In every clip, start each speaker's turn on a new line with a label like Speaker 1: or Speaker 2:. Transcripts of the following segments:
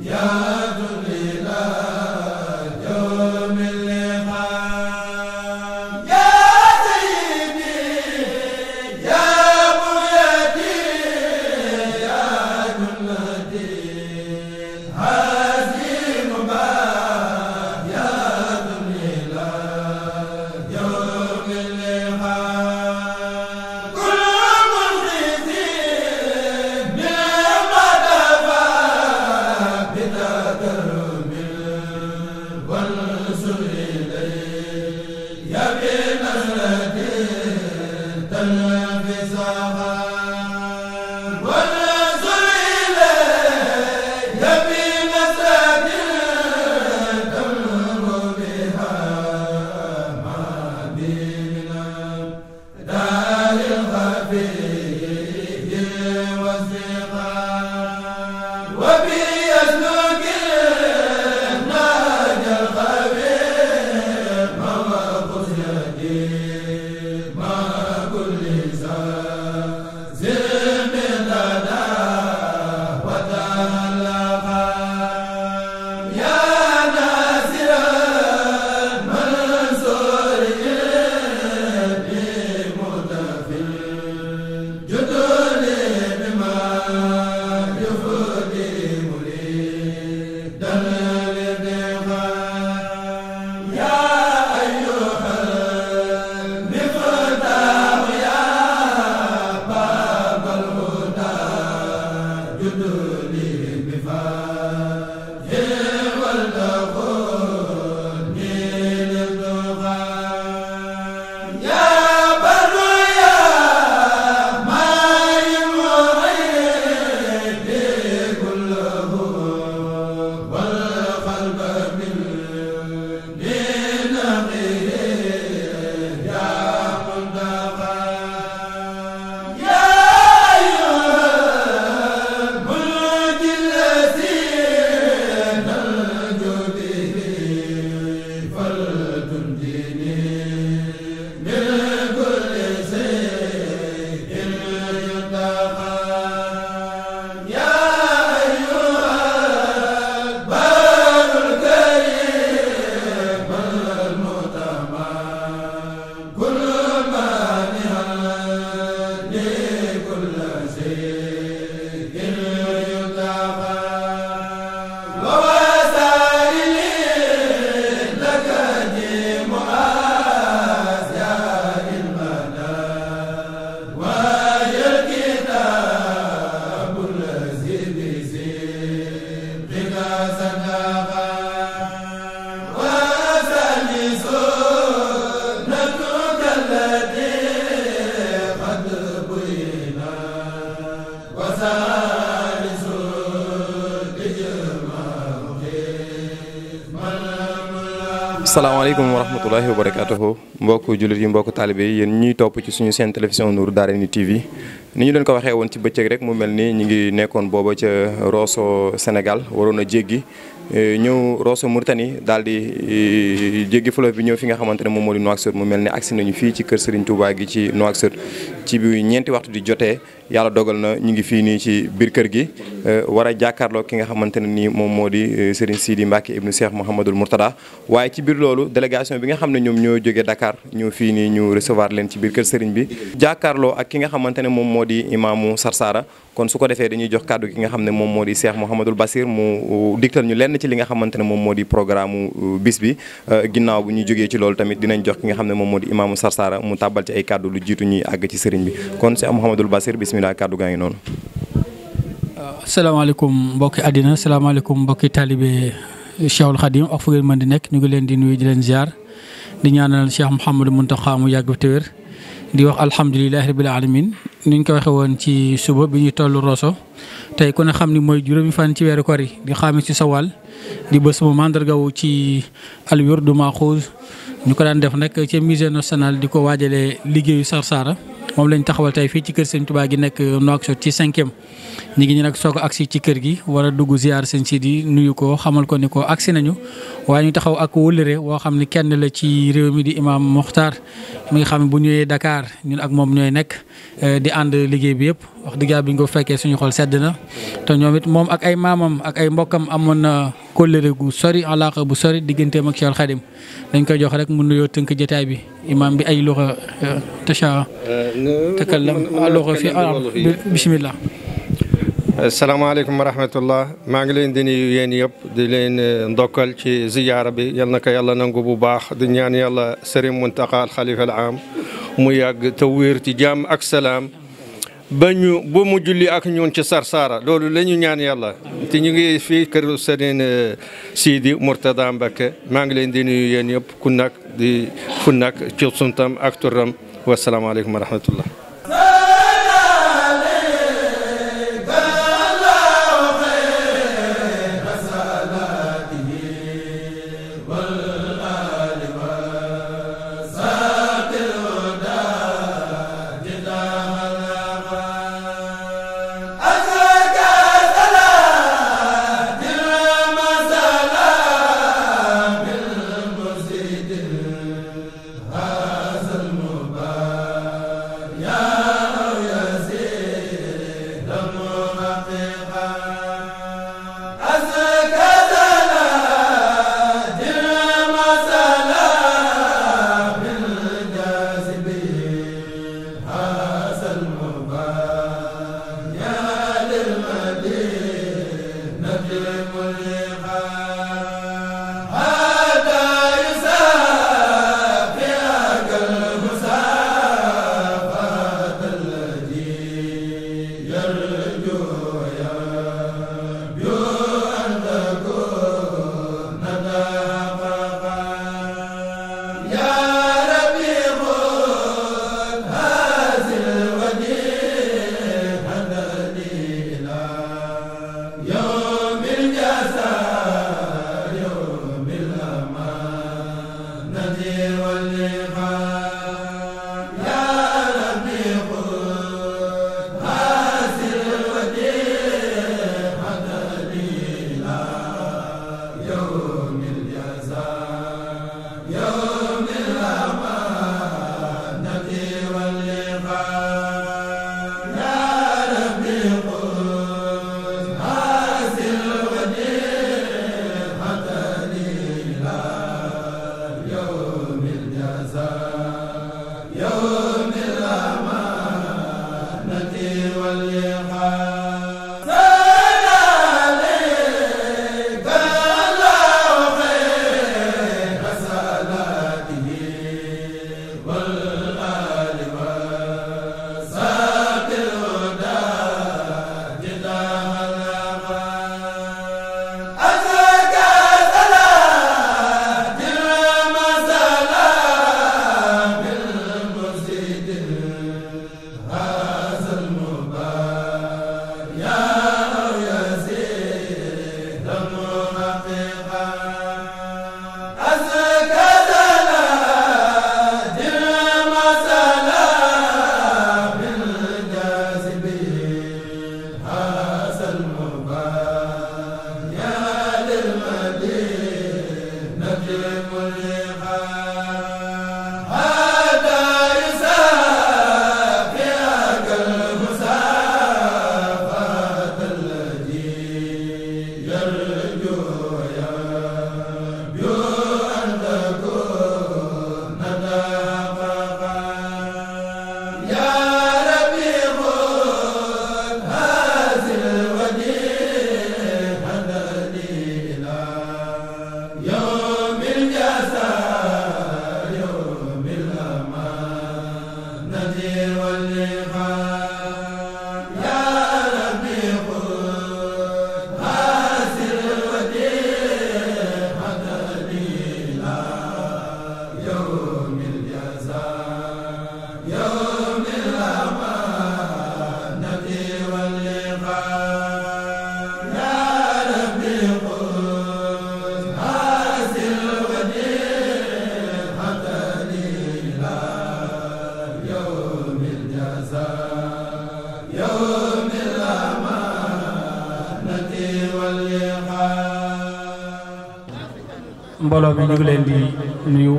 Speaker 1: Yeah.
Speaker 2: salaamaaleykum wa rahmatulahi wa barakaatuhu mbokku jullit yi mbokku taalibe yi yéen ñuy topp ci suñu seen télévision Nourou Darayni TV ni ñu leen ko waxee woon ci bëccëg rek mu mel ni ñu ngi nekkoon booba ca Rosso senegal waroon a jéggi e, ñëw Rosso Mauritanie daal di e, jéggi fleuve bi ñëw fi nga xamante ne moom moo di Nouakchott mu mel ni agsi nañu fii ci kër sëriñ Touba gi ci Nouakchott ci biir ñeenti waxtu di jotee yàlla dogal na ñu ngi fii nii ci biir kër gi euh, war a jàkkaarloo ki nga xamante ne nii moom moo di euh, Serigne Sidi Mbacke ibnu Cheikh Mouhamadul Mourtada waaye ci biir loolu délégation bi xam ne ñoom ñoo jógee Dakar ñoo fii nii ñu recevoir leen ci biir kër Serigne bi jàkkaarloo ak ki nga xamante ne moom moo di imaamu Sarsara kon su ko defee dañuy jox kàddu gi nga xam ne moom moo di Cheikh Mouhamadul Basir mu digtal ñu lenn ci li nga xamante ne moom moo di programme bis bi euh, ginnaaw bu ñu jógee ci loolu tamit dinañ jox ki nga xam ne moom moo di imaamu Sarsara mu tàbbal ci ay kàddu lu jiitu ñuy àgg ci Serigne serigne bi kon si Mouhamadul Basir bisimilah kàddu gaa ngi noonu.
Speaker 3: Uh, salaamaaleykum mbokki assalamu alaykum mbokki talibé Cheikhul Khadim ak fu man di nek ñu ngi leen di nuyu di leen ziar di ñaanal Cheikh Mouhamadou muntakha mu yàgg teur di wax alhamdullilah rabbil alamin ni ñu ko waxe won ci suba bi ñuy toll Rosso tey ku ne xam ni fan ci wéru koori di xami ci sawal di bés bu mandargawu ci al wirdu khuz ñu ko daan def nak ci musée national diko ko waajalee Sarsara. moom lañ taxawal tey fii ci kër sëñ Touba gi nekk Nouakchott ci cinquième ñu ngi ñu nag soog a agsi ci kër gi war a dugg ziar sëñ Sidi nuyu ko xamal ko ni ko agsi nañu waaye ñu taxaw ak wëllëre woo xam ne kenn la ci réew mi di imaam Mokhtar mu ngi xam bu ñëwee Dakar ñun ak moom ñooy nekk eh, di ànd liggéey bi yëpp wax dëgg yàlla bi ñu ko fekkee suñu xol sedd na te ñoom it moom ak ay maamam ak ay mbokkam amoon na kóllëre gu sori alaaqa bu sori digganteem ak Cheikh Khadim dañ koy jox rek mu nuyoo tënk jotaay bi imaam bi ay loxo tasha
Speaker 1: takallam loxo fi bismillah salaamaaleykum wa rahmatullah maa ngi leen di nuyu yéen yëpp di leen ndokkal ci ziyaara bi yal na ko yàlla nangu bu baax di ñaan yàlla sëriñ Muntaqa al xalifa al aam mu yàgg te wér ci jàmm ak salaam ba ñu ba mu julli ak ñun ci Sarsara loolu la ñu ñaan yàlla te ñu ngi fii kër Serigne euh, Sidi Mourtada Mbacké maa ngi leen di nuyu yéen yëpp ku nekk di fu nekk ci suntam ak turam wasalaamaaleykum wa rahmatullah
Speaker 3: mbooloo mi ñu ngi leen di nuyu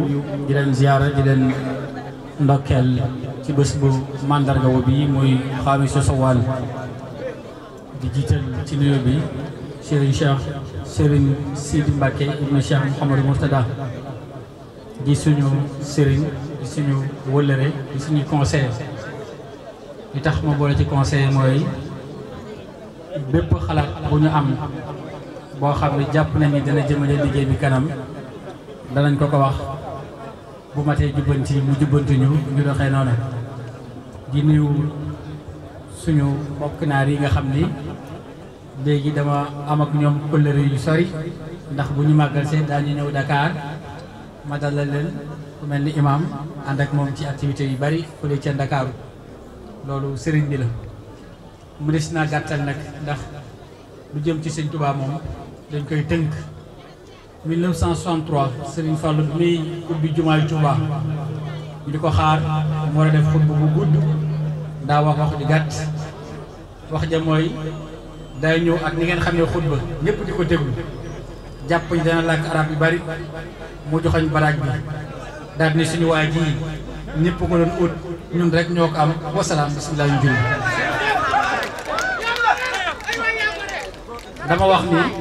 Speaker 3: di leen ziyaara di leen ndokkeel ci bés bu màndarga wu muy xaami sosowal di jiital ci nuyu bi Serigne Cheikh Serigne Sidi Mbacke ibnu Cheikh Mouhamadou Mourtada di suñu Serigne di suñu wëllëre di suñu conseil li tax ma boole ci conseil mooy bépp xalaat bu ñu am boo xam ne jàpp nañu dina jëmale liggéey bi kanam danañ ko ko wax bu matee jubbanti mu jubbanti ñu ñu doxee noonu di nuyu suñu mbokk naar yi nga xam ni léegi dama am ak ñoom kóllëre yu sori ndax bu ñu màggal see daañu ñëw dakaar ma dalal leen ku mel ni imam ànd ak moom ci activité yu bari fële ca Ndakaaru loolu sëriñ bi la mu naa gàttal nag ndax lu jëm ci sëñ Tuubaa moom dañ koy tënk 1963 Serigne Fallou bi muy ubbi jumaay Touba ñu di ko xaar moo war def xutba bu gudd daa wax wax di gàtt wax ja mooy day ñëw ak ni ngeen xam ne xutba ñëpp di ko déglu jàpp ñi dana làkk arab yu bari mu joxoñ baraag bi daal ni suñu waa ji ñëpp ko doon ut ñun rek ñoo ko am wasalaam bisimilah ñu julli dama wax ni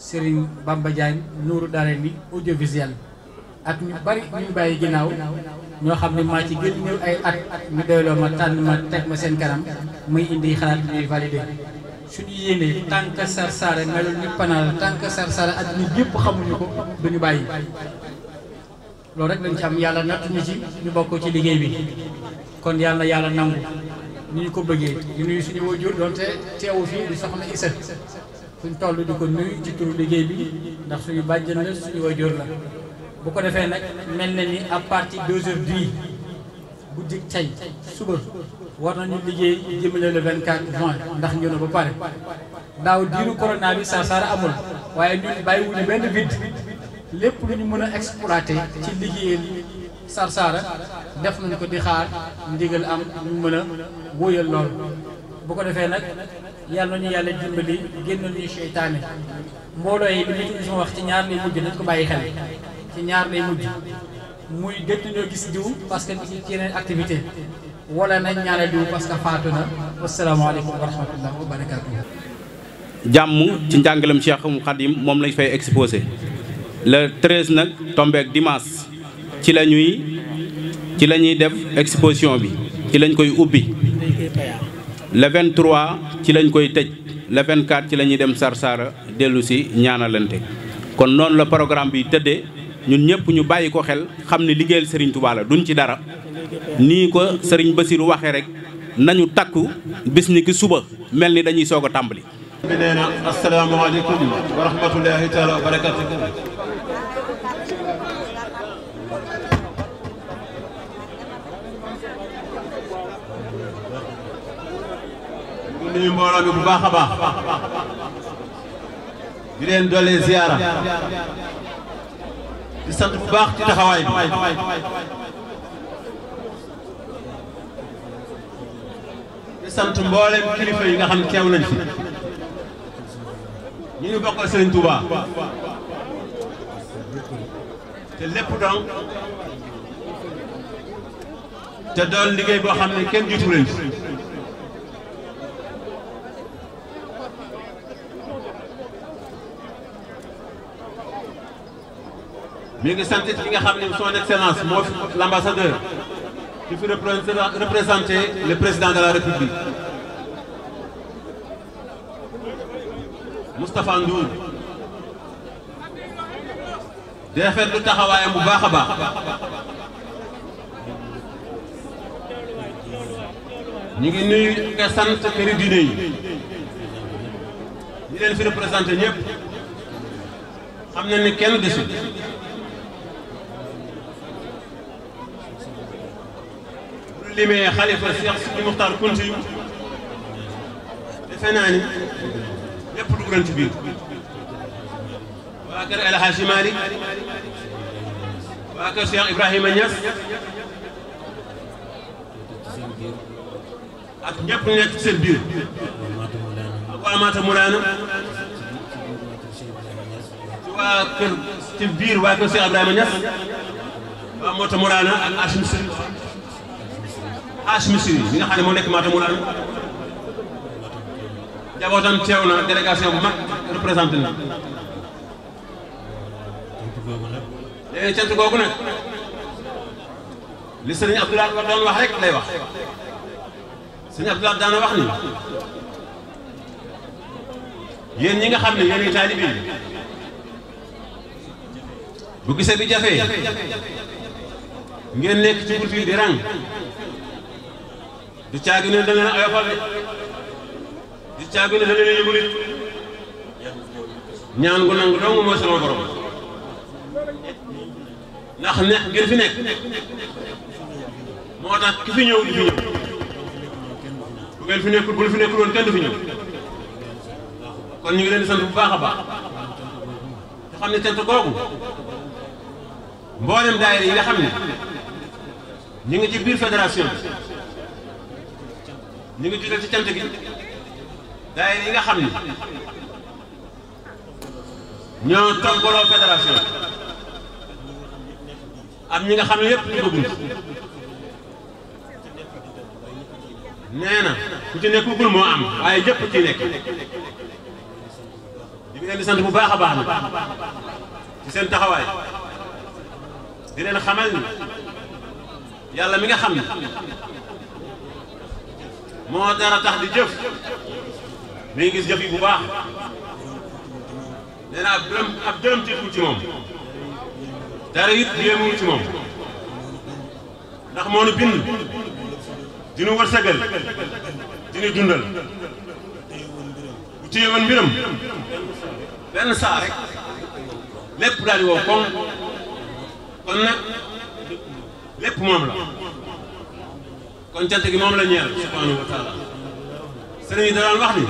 Speaker 3: Serigne Bamba Diagne Nourou Darayni audiovisuel ak ñu bari ñu bàyyi ginnaaw ñoo xam ne maa ci gën ñëw ay at ñu doyloo ma tànn ma teg ma seen kanam muy indi xalaat ñuy validé suñu yéenee tànk Sarsara melul ni Panaal tànk Sarsara at ñu yëpp xamuñu ko duñu bàyyi loolu rek lañ ci am yàlla natt ñu ci ñu bokk ci liggéey bi kon yàlla yàlla nangu ni ñu ko bëggee ñu nuyu suñu wajur doonte teewu fii di soxna Issa fuñ toll di ko nuyu ci turu liggéey bi ndax suñu bàjjen la suñu wajur la bu ko defee nag mel na ni à partir deux heures dix guddi tey suba war nañu liggéey jëmale le 24 juin ndax ñu ne ba pare daaw diiru corona bi saasara amul waaye ñun bàyyiwuñu benn vide lépp lu ñu mën a exploité ci liggéeyal sarsara def nañ ko di xaar ndigal am mu mën a wóoyal lool bu ko defee nag yalla ñu yalla dimbali génnal ñu seytaane mbolo yi bi nitu sama wax ci ñaar lay mujj nak ko bayyi xel ci ñaar lay mujj muy gëj ñoo gis diw parce que ci yeneen activité wala nañ ñaara diw parce que fatuna assalamu alaykum wa rahmatullahi wa barakatuh
Speaker 4: jàmm ci jangalam Cheikh Khadim mom lañ fay exposer le 13 tombe ak dimanche ci lañuy ci lañuy def exposition bi ci lañ koy ubbi le 23 ci lañ koy tëj le 24 ci la ñuy dem Sarsara dellu si ñaanalante kon noonu la programme bi tëddee ñun ñëpp ñu bàyyi ko xel xam ne liggéeyal Serigne Touba la duñ ci dara nii ko sëriñ Bassirou waxee rek nañu takku bis ni ki suba mel ni dañuy soog a tàmbali. nuyu mbooloo mi bu baax a baax di leen doole ziyaara di sant bu baax ci taxawaay bi di sant mboolem kilifa yi nga xam ne teew nañ fi
Speaker 5: ñu ngi bokkal Serigne Touba
Speaker 4: te lépp donc te doon liggéey boo xam ne kenn jiitu leen fi mi ngi sant ki nga xam ne son excellence moo fi qui fi représenter le président de la république Moustapha Ndou, di rafetlu taxawaayam bu baax a baax ñu ngi nuyu nga sant këri diine yi ñi leen fi représenté ñëpp xam ni kenn desul limee xalifa Cheikh Sidi Muxtaar Kunti yu defe naa ni lépp dugg nañ ci biir
Speaker 5: waa kër El Hadji Malick waa kër Cheikh Ibrahima Niass
Speaker 4: ak ñëpp nekk seen biir ak waa Maata Mulaana
Speaker 5: ci waa kër ci biir waa kër Cheikh Ibrahima Niass waa Maata Mulaana ak Achim Sëriñ Achmisiri mi nga xam ne moo nekk Matamou
Speaker 4: Lalla jabootam teew na délégation bu mag représenté na.
Speaker 5: léegi cant googu nag
Speaker 4: li sëriñ Abdoulaye war doon wax rek lay wax sëriñ Abdoulaye daana wax ni yéen ñi nga xam ne yéen ay taalibe yi bu gisee bi jafee ngeen nekk ci wut yi di rang du caagi ne da leen a oyofal de du caagi ne da leen a yëngu nit ñaan gu nangu dong mooy sama borom ne ngir fi nekk moo tax ki fi ñëw di fi ñëw bu ngeen fi nekkul bul fi kenn du kon ñu ngi leen di sant bu baax a baax xam ne cant kooku mboolem daayira yi nga xam ne ñu ngi ci biir ñu ngi juddoo ci cant gi daayira yi nga xam ni ñoo toggaloo fédération am ñi nga xam ne yëpp dugg nee na ku ci nekkugul moo am waaye yëpp ci nekk di ngi leen di sant bu baax a baax na ci seen taxawaay di leen xamal ni yàlla mi nga xam ne moo dara tax di jëf mi ngi gis jëf yi bu baax nee naa ab dërëm ab dërëm tiitul ci dara it yéemul ci moom ndax moo nu bind dinu wërsëgal dinu dundal bu téye woon mbiram benn saa rek lépp daal di wow kon kon nag lépp kon cant gi moom la ñeel subhaanahu wa taala wax ni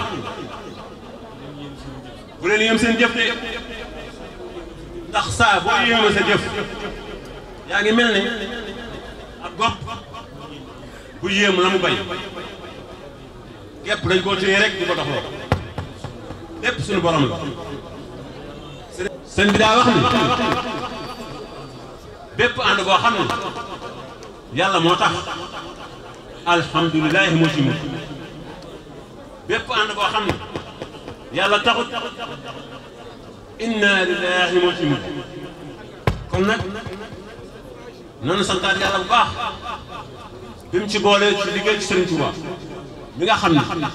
Speaker 4: bu leen yem seen jëf de ndax saa boo yéeme sa yaa ngi mel ni ab gopp mu bay gépp dañ koo téye rek di ko doxloo lépp suñu borom la sëñ bi daa wax ni bépp ànd boo xam ne yàlla moo tax الحمد لله مجيب بيبقى أنا بوحم يلا تاخد إنا لله مجيب كنا ننسى تاني يلا بقى بمشي بولي تشيلي كيف سرنتوا ميغا خمنا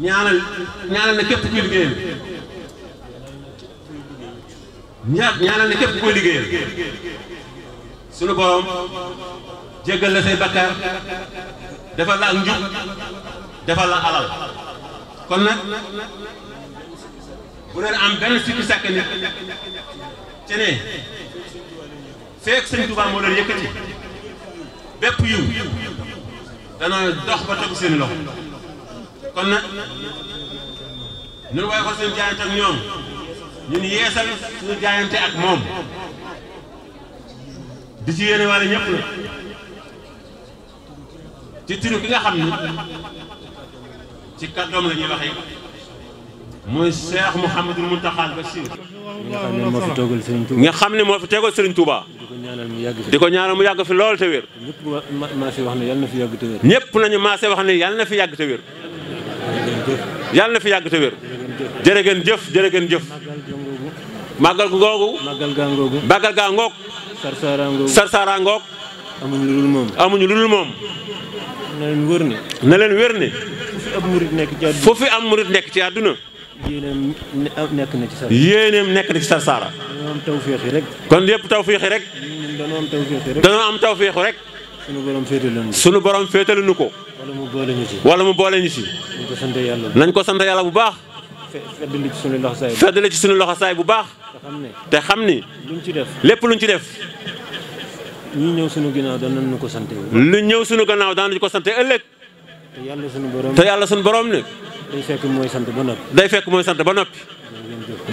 Speaker 4: نيانا نيانا نكيف تكيل جيل نيانا نكيف تكيل جيل سنو بوم jéggal la say bakkaar defal la ak njub defal la alal kon nag bu leen am benn sikki sàkk nit ci ne feek sëñ Tuubaa moo leen yëkkati bépp yiw dana dox ba tegu seen loxo kon nag ñun waaye ko suñu jaayante ak ñoom ñun yeesal suñu jaayante ak moom di ci yéene wala ñëpp la ci turu ki nga xam ni ci kàddoom la ñuy waxee muy Cheikh Mouhamadul Mountakha Bassir. nga xam ne moo fi toogal Serigne Touba. nga xam ne moo fi toogal Serigne Touba. di ko ñaanal mu yàgg fi. di ko yàgg fi lool te wér. ñëpp ma maase wax na fi yàgg te wér. ñëpp nañu maase wax ne yàlla na fi yàgg te wér. yàlla na fi yàgg te wér. jërë jëf jërë ngeen jëf. màggal googu. màggal gaa ngoogu. màggal gaa ngoog. sarsaara ngoog. amuñu lu moom. na leen wër ne. na leen wër ne. fu fi am murit nekk ci àdduna. yéeneem ah, nekk na ci Sarsara. yéeneem nekk na ci Sarsara. dañoo am tawféex rek. kon lépp tawféex rek. dañoo am tawféex rek. dañoo am tawféex rek. sunu borom féetale nu ko. sunu borom féetale nu ko. wala mu boole ñu ci. wala mu boole ñu ci. nañ ko sant yàlla bu baax nañ ko sant yàlla bu baax. feddali ci sunu loxo saay bu baax. ci sunu loxo saay bu baax. te xam ne. te xam ni. luñ ci def lépp luñ ci def. ñi ñëw sunu ginnaaw danañ ko sante lu ñëw sunu gannaaw danañ ko sante ëllëg te yàlla sunu borom te yàlla sunu borom ne day fekk mooy sant ba noppi day fekk mooy sant ba noppi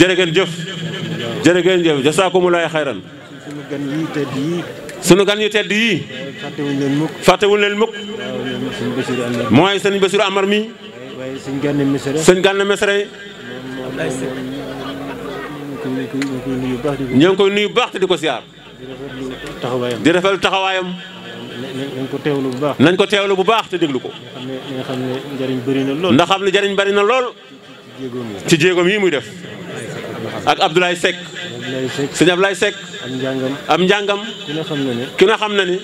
Speaker 4: jërë jëf jërë jëf jasakumulaay xayran sunu gan yi tedd yi sunu gan yi tedd yi fàttewuñ leen mukk fàttewuñ leen mukk mooy sëñ Bassirou Amar mi waaye sëñ Gana Messere sëñ Gana Messere ñoo nuyu baax di ko siyaar taxawaayam di rafetlu taxawaayam. nañ ko teewlu bu baax. nañ ko teewlu bu baax te déglu ko. nga xam ne njëriñ bëri na lool. nga xam ne njëriñ bëri na lool. ci jéegoom yi muy def. ak Abdoulaye Seck. sëñ Abdoulaye Seck. am njàngam am njàngam. ki nga xam ne ne. ki nga xam ne ni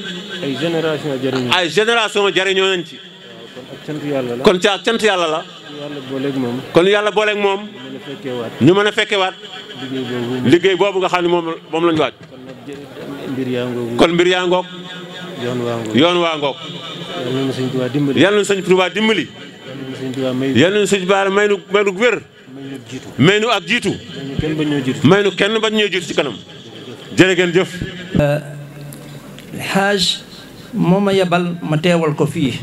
Speaker 4: ay génération jëriñoo ay génération jëriñoo nañ ci. kon ak cant yàlla la kon ca ak cant yàlla la. yàlla booleeg moom. kon yàlla booleeg moom. ñu mën a fekkeewaat. liggéey boobu nga xam ne moom moom lañ waaj. mbir yaa ngoog kon mbir yaa ngoog. yoon waa ngoog yoon waa ngoog. yal nañu sëñ Tuubaa dimbali yal nañu sëñ Tuubaa dimbali. yal nañu sëñ Tuubaa may nu may nu wér. may nu ak jiitu. may nu kenn bañ ñoo jiitu ci kanam. jërë ngeen jëf.
Speaker 6: xaaj euh, moo ma yebal ma teewal ko fii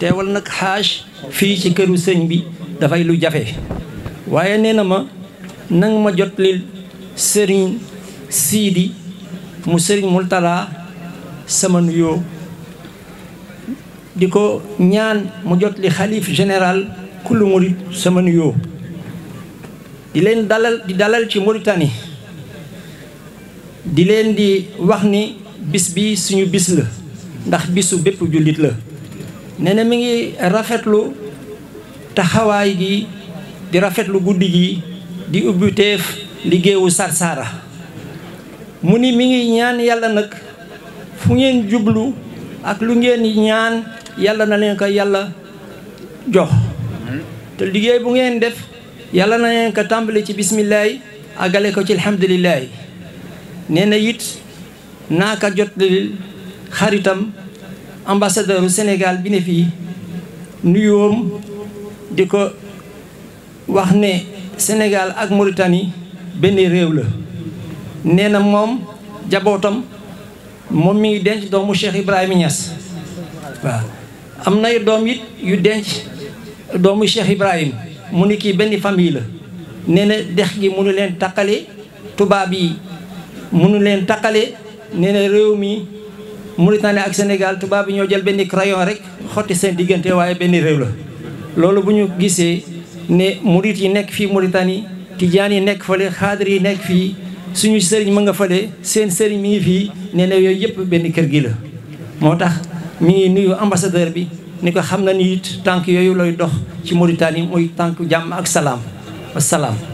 Speaker 6: teewal nag xaaj fii ci këru sëñ bi dafay lu jafe waaye nee na ma nang ma jot lil sëriñ siidi mu serigne multala sama nuyoo di ko ñaan mu jot li xalif general kullu murid sama di len dalal di dalal ci mauritani di len di wax ni bis bi suñu bis la ndax bisu bepp julit la nee mi ngi rafetlu taxaway gi di rafetlu guddigi gi di ubbiteef liggéeyu Sarsara mu ni mi ngi ñaan yàlla nag fu ngeen jublu ak lu ngeen ñaan yàlla na leen ko yàlla jox te liggéey bu ngeen def yàlla na leen ko tàmbali ci bisimilahi agale ko ci alhamdulilahi nee na it naa ko jotlil xaritam ambassadeur u bi ne fii nuyoom di ko wax ne Sénégal ak Mauritanie benn réew la nee na moom jabootam moom mi ngi denc doomu Cheikh Ibrahima Niass waaw am nay doom it yu denc doomu Cheikh Ibrahima mu ni kii benn famille la nee na dex gi mënu leen taqale tubaab yi mënu leen takkale nee réew mi Mauritanie ak Sénégal tubaab yi ñoo jël benn crayon rek xotti seen diggante waaye benn réew la loolu bu ñu gisee ne murit yi nekk fii Mauritanie tijaan yi nekk fële xaadir yi nekk fii suñu sëriñ ma nga fale seen sëriñ mi ngi fii nee na yooyu yëpp benn kër gi la moo tax mi ngi nuyu ambassadeur bi ni ko xam na ni it tànk yooyu looy dox ci Mauritanie muy tànk jàmm ak salaam wa salaam